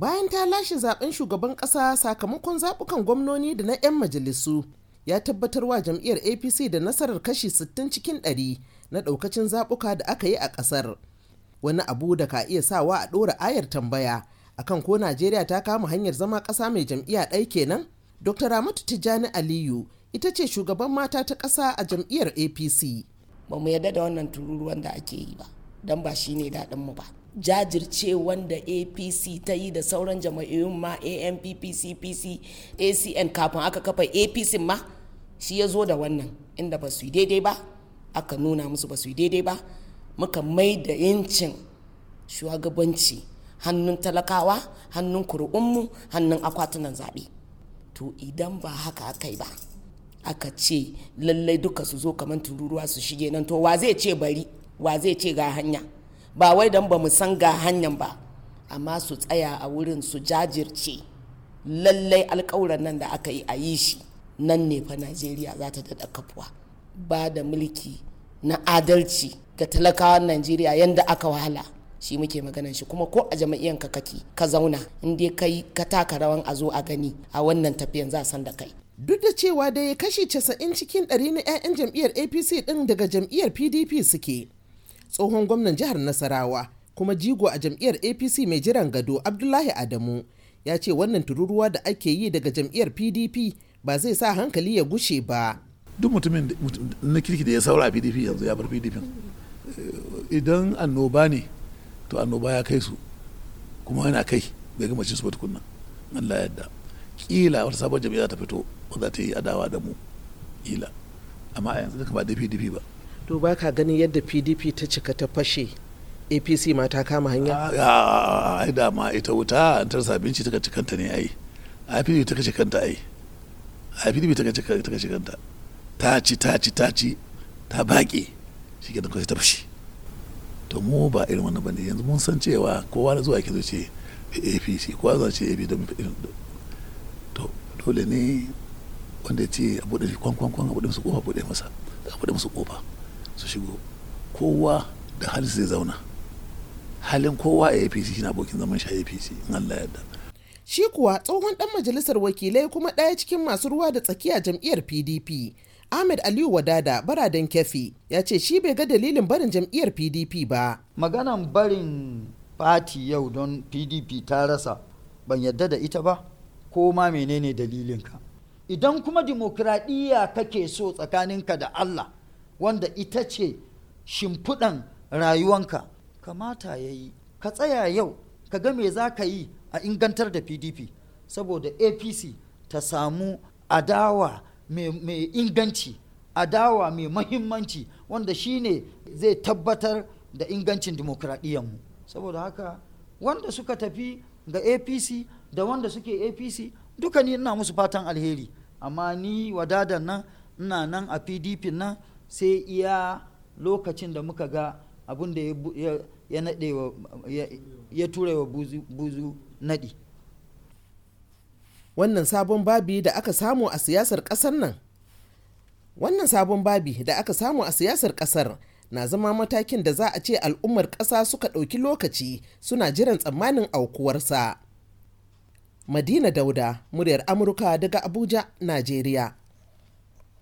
bayan ta lashe zaben shugaban ƙasa sakamakon zaɓukan gwamnoni da na 'yan majalisu ya tabbatar wa jam'iyyar apc da nasarar kashi 60 cikin 100 na ɗaukacin zaɓuka da aka yi a ƙasar wani abu da ka iya sawa a ɗora ayar tambaya akan ko najeriya ta kama hanyar zama ƙasa mai jam'iyya ɗai kenan dr ramatu tijjani aliyu ita ce shugaban mata ta ƙasa a jam'iyyar apc ba mu yarda da wannan tururuwan da ake yi ba don ba shi ne daɗinmu ba jajirce wanda apc ta yi da sauran jama'iyyun ma ampp cpc acn kafin aka kafa apc ma shi ya zo da wannan inda ba su yi daidai ba aka nuna musu ba su yi daidai ba muka mai da yancin shugabanci hannun talakawa hannun kuri'unmu hannun akwatunan zaɓe to idan ba haka aka yi ba aka ce lallai duka su zo kamar tururuwa su shige nan to wa zai ce bari wa zai ce ga hanya ba wai don ba mu san ga hanyar ba amma su tsaya a wurin su jajirce lallai alkawuran nan da aka yi a yi shi nan ne fa najeriya za ta daɗa kafuwa ba da mulki na adalci ga talakawan najeriya yadda aka wahala shi muke maganan shi kuma ko a jama'iyan ka kake ka zauna in dai kai ka taka rawan a zo a gani a wannan tafiyan za san da kai duk da cewa da ya kashi 90 cikin 100 na 'ya'yan jam'iyyar apc din daga jam'iyyar pdp suke tsohon gwamnan jihar nasarawa kuma jigo a jam'iyyar apc mai jiran gado abdullahi adamu ya ce wannan tururuwa da ake yi daga jam'iyyar pdp ba zai sa hankali ya gushe ba duk mutumin na kirki da ya saura pdp yanzu ya bar pdp idan annoba ne to annoba ya kai su kuma yana kai bai gama cin su ba tukunna Allah ya yarda kila wata sabon jam'iyya ta fito ba za ta yi adawa da mu kila amma a yanzu duka ba da pdp ba to ba ka ganin yadda pdp ta cika ta fashe apc ma ta kama hanya ai ma ita wuta an tar sabinci ta kaci kanta ne ai apc ta kace kanta ai apc ta kace kanta ta ci ta ci ta ci ta baƙi shi ke ta fashe to mu ba irin wannan bane yanzu mun san cewa kowa da zuwa ke zo ce apc kowa zuwa ce apc don to dole ne wanda ya ce a buɗe kwan a buɗe musu kofa buɗe masa a buɗe musu kofa su shigo kowa da hali zai zauna halin kowa a apc shi na abokin zaman shi a apc in allah yarda shi kuwa tsohon dan majalisar wakilai kuma ɗaya cikin masu ruwa da tsakiya jam'iyyar pdp ahmed aliyu wadada baradan kefi ya ce shi bai ga dalilin barin jam'iyyar pdp ba maganan barin fati yau don pdp ta rasa ban yadda da ita ba ko ma menene dalilinka idan kuma dimokuraɗiyya kake so tsakaninka da allah wanda ita ce shimfiɗan rayuwanka kamata ya yi ka tsaya yau ka ga me za ka yi a ingantar da pdp saboda apc ta samu adawa mai inganci adawa mai mahimmanci wanda shine zai tabbatar da ingancin mu saboda haka wanda suka tafi ga apc da wanda suke apc duka ni ina musu fatan alheri amma ni wadadan nan ina nan a pdp nan sai iya lokacin da muka ga abin da ya wa ya ture wa buzu nadi. wannan sabon babi da aka samu a siyasar ƙasar nan wannan sabon babi da aka samu a siyasar ƙasar na zama matakin da za a ce al'ummar ƙasa suka ɗauki lokaci suna jiran tsammanin aukuwarsa madina dauda muryar amurka daga abuja najeriya